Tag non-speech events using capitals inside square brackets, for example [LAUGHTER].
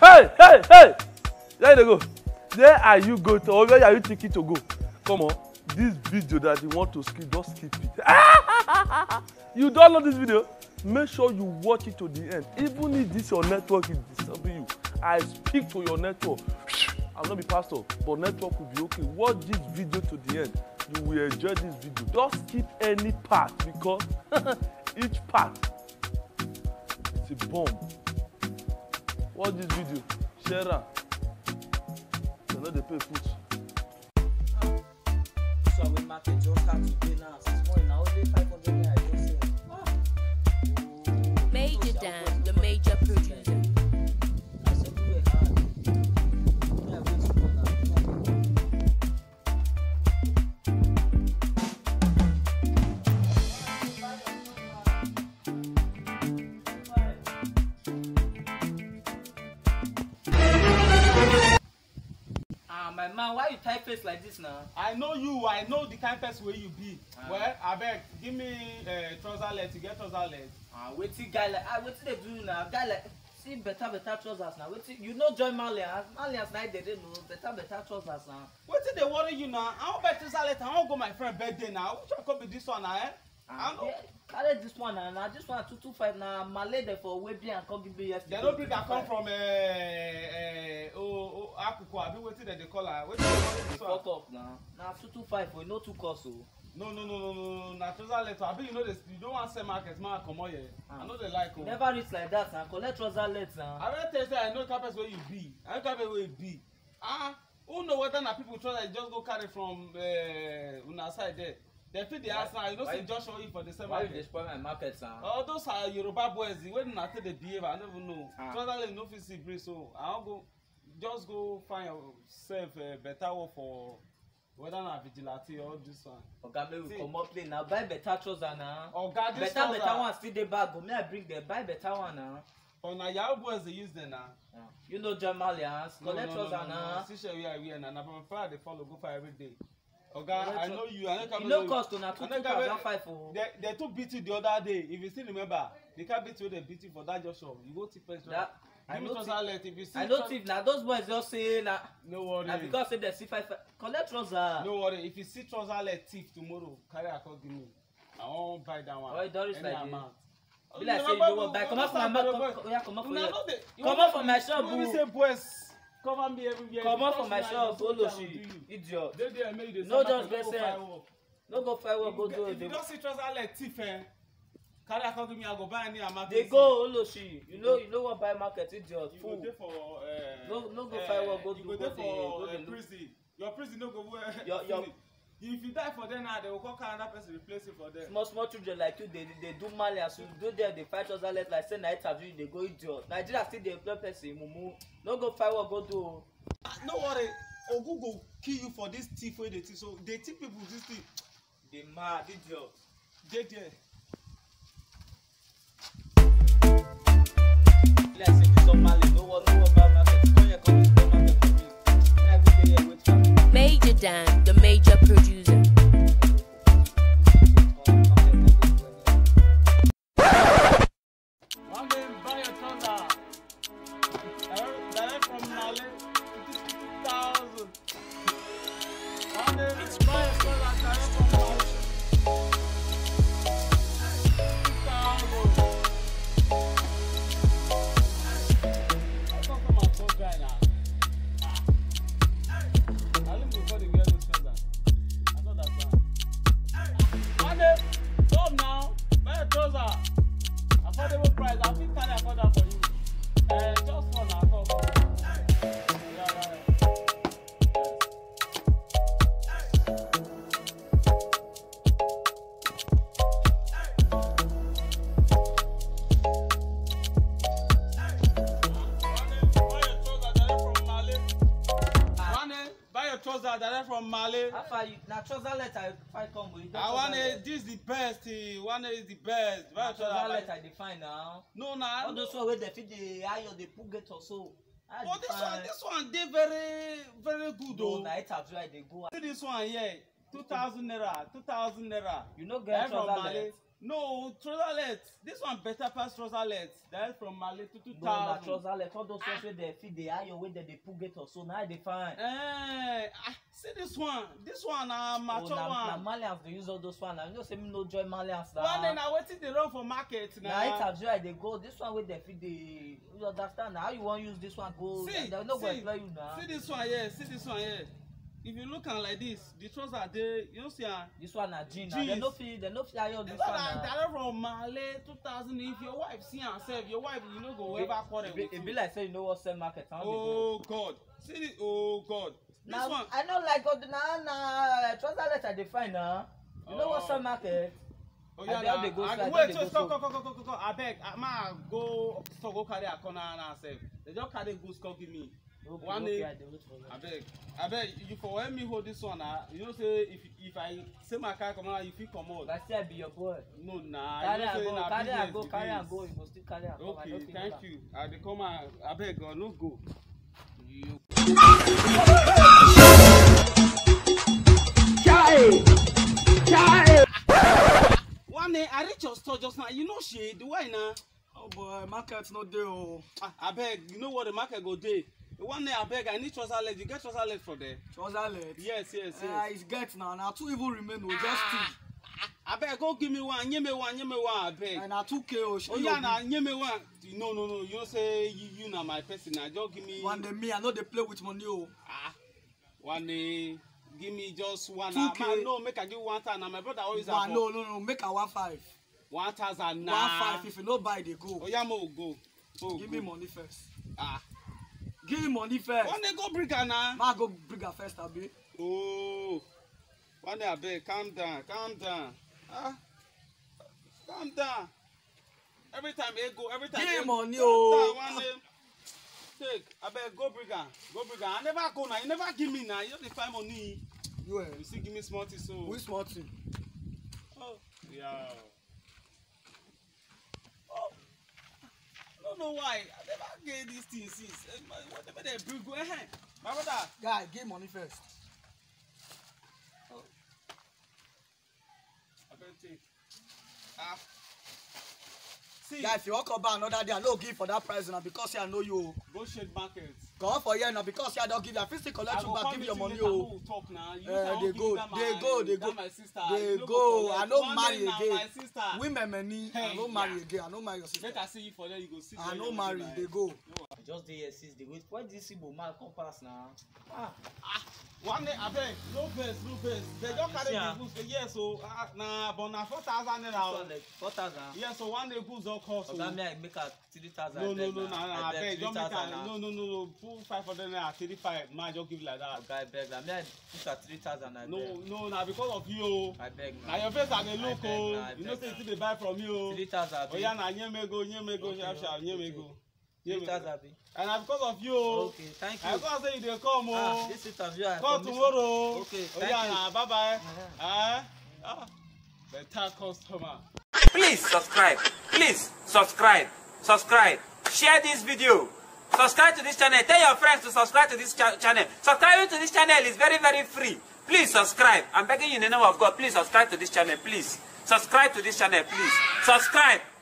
hey hey hey there you go where are you go to or where are you thinking to go come on this video that you want to skip just skip it [LAUGHS] you download this video make sure you watch it to the end even if this your network is disturbing you i speak to your network i [SIGHS] no be pastor but network will be okay watch this video to the end you will enjoy this video just skip any part because [LAUGHS] each part is a bomb watch this video share am dem no dey pay put. Ah. So, man why you type face like this now? i know you i know the kind person wey you be. Uh, well abeg give me uh, trouser leg you get trouser leg. ah uh, wetin guy like ah wetin dey do na guy like see better better trousers na wetin you no join malians ah? malians na dey dey no better better trousers na. wetin dey worry you na i wan buy trouser leg i wan go my friend birthday na which one come be this one na eh. Uh, i no. Yeah carry this one na na this one two two five na malay dem for webi and kogibe yesterday. dem no bring am come from akuku abi wetin dem dey call am wetin dem call this one. cut off na na two two five o e no too cost o. no no no no no na trouser letter abi you no dey you no wan sell market ma comot here ah. i no dey like o. Oh. never reach like that na collect trouser letter. i don tell you say i know the carpet wey you be i know the carpet wey you be ah who know whether na people trouser you just go carry from uh, una side there dem fit dey ask am you know see joshua if for the same market. why you dey spoil my market sir. all those are uh, yoruba boys wey una take dey behave i no even know. ah further lane no fit see breeze so i wan go just go find yourself uh, better work for whether na vigilante or this one. oga okay, make we comot play na buy better trouser na. oga this better, trouser better better one still dey bag o oh. may i bring dem buy better one na. for oh, na yahoo boys dey use them, na. Yeah. you know john malians collect no, no, trouser no, no, no no no see shey wey i wear na na papa i dey follow go for every day. Oga, I know you. I know Kabelo. No cost on two two thousand five for. They they beat you the other day. If you still remember, they can beat you. They beat you for that junction. You go tip first. That I know tip. If you see I know tip. Now those boys just say na. No worry. Na because say they see five collect trouser. No worry. If you see trouser let thief tomorrow, carry akọ give me. I wan buy that one. Oye Doris like this. Be like say you no wan buy. Comot for my mouth. comot for your. Comot oh for my shop. Who be say boys? cover me everywhere. comot for my shop oh, she idiot no just vex sef eh. no go find work go do if you don see trouser leg thief eh carry am come give me i go buy any amagbe. dey go oloshi oh, you no you no wan buy market idiot fool eh, no no go find work eh, go do go dey go dey look. your prison no go wear. [LAUGHS] if you die for them now they will call another person replace you for them. small small children like you dey dey do mali as you do there dey fight us alert like say na it you dey go idiot nigeria still dey employ person mumu no go fight work go do o. Ah, no worry ogun go kill you for this thief wey dey thief so dey thief people this thing. dey mad idiot. dey there. like say major dan. na trouser let i find come with. i wan dey this the best one is the best. Eh, na trouser let i dey find na. no na. all those one wey dem fit dey iron dey put gate or so. but this one this one dey very very good o. no oh. na it as well i dey go. see this one here two thousand naira two thousand naira. you no get trouser let. No, trouserlet. This one better pass trouserlet. That's is from Mali to 2000. No, na trouserlet. All those ones ah. wey dey feed the iron wey dem they pull get or so, Now they fine. Eh, ah, see this one. This one na uh, mature oh, na, one. Na Malians dey use all those ones. You know say me no join Malians na. One day na wetin dey run for market Now Na it as well I go. This one wey dey feed the. You understand na how you wan use this one go. See, see. Dem no go employ you na. See this one here. See this one here if you look am like this the trouser dey you know see am. Ah, this one na jean na ah, dem no fit dem no fit iron this one na. this one na direct from male two thousand if your wife see am sef your wife you no go ever quarrel with you. e be like say you no wan sell market. oh god see this oh god. this na, one i no like god oh, na na trouser let i dey find na ah. you no wan sell oh. market. Oh oya na abeg wait wait come come come come come come abeg ma go store go carry her corner na sef dey just carry goods come give me one day abeg abeg you for help me hold this one ah you know say if if i say my car come out you fit comot. na say your boy. no na you know say na business be this. carry am go carry am go you go still carry am come i no fit leave am. okay thank you i dey come out abeg o oh, no go. You... Chai! Chai! One day I reach your store just now. You know the Why now? Oh boy, market not there. Oh. Ah, abeg, You know what the market go day one day abeg i need trouser leg you get trouser leg for there. trouser leg. yes yes yes. Uh, it's get na na two even remain o just ah, two. abeg go give me one nye me one nye me one abeg. Eh, na two k o shey you. oya na nye me one no no no you know say you, you na my person na just give me. one day me i no dey play with money o. Oh. ah one day give me just one. Ah, two k man no make i give one time. na my brother always have. no no no make i one five. one thousand na. one five if you no buy dey go. oya oh, mo go. go give go. me money first. ah give him money first. one day go bring her na. ma go bring her first abi. ooo oh. one day abeg calm down calm down ah calm down every time e go every time e go give him money ooo oh. one day take abeg go bring her. go bring her. i never go na you never give me na you just dey find money. you eh you still give me small thing so. which small thing. oh yeah. don't know why i never get this thing since eh, whatever they bring go ahead my brother. guy get money first. Oh. don't take ah. See, if you walk about another day, I no give for that price now because I know you. Go shade market. Come for here now because I don't give you. I fit still collect you back, give your money. Oh, talk now. You uh, they go, they my, go, they go, my sister. they no go. I no marry again. Women many, I no marry again. I no marry your sister. Better see you for there, you go see. I no marry, they go. I just dey here since the wait. Why did you man come pass now? Ah, ah one day abeg no vex no vex dem don carry the goods for yes o oh, ah, ah, na but na four thousand naira oh. o four thousand yes so oh, one day goods don cost o oga may i make am three thousand no no no na na abeg don make am no no no no put five hundred naira three five ma just give like that oga abeg na may i put am three thousand abeg no no na because of you o abeg na your face i dey look o you know say you still dey buy from me o three thousand abeg oya na nyemego nyemego sharp sharp nyemego visitors abi. and na because of you o. Oh. okay thank you. i come say you dey come o. Oh. ah visitors you are come tomorrow o. Oh. okay thank you. oya bye bye. better customer. please subscribe please subscribe subscribe share this video subscribe to this channel tell your friends to subscribe to this cha channel subscribing to this channel is very very free please subscribe i'm begging you in the name of god please subscribe to this channel please subscribe to this channel please subscribe.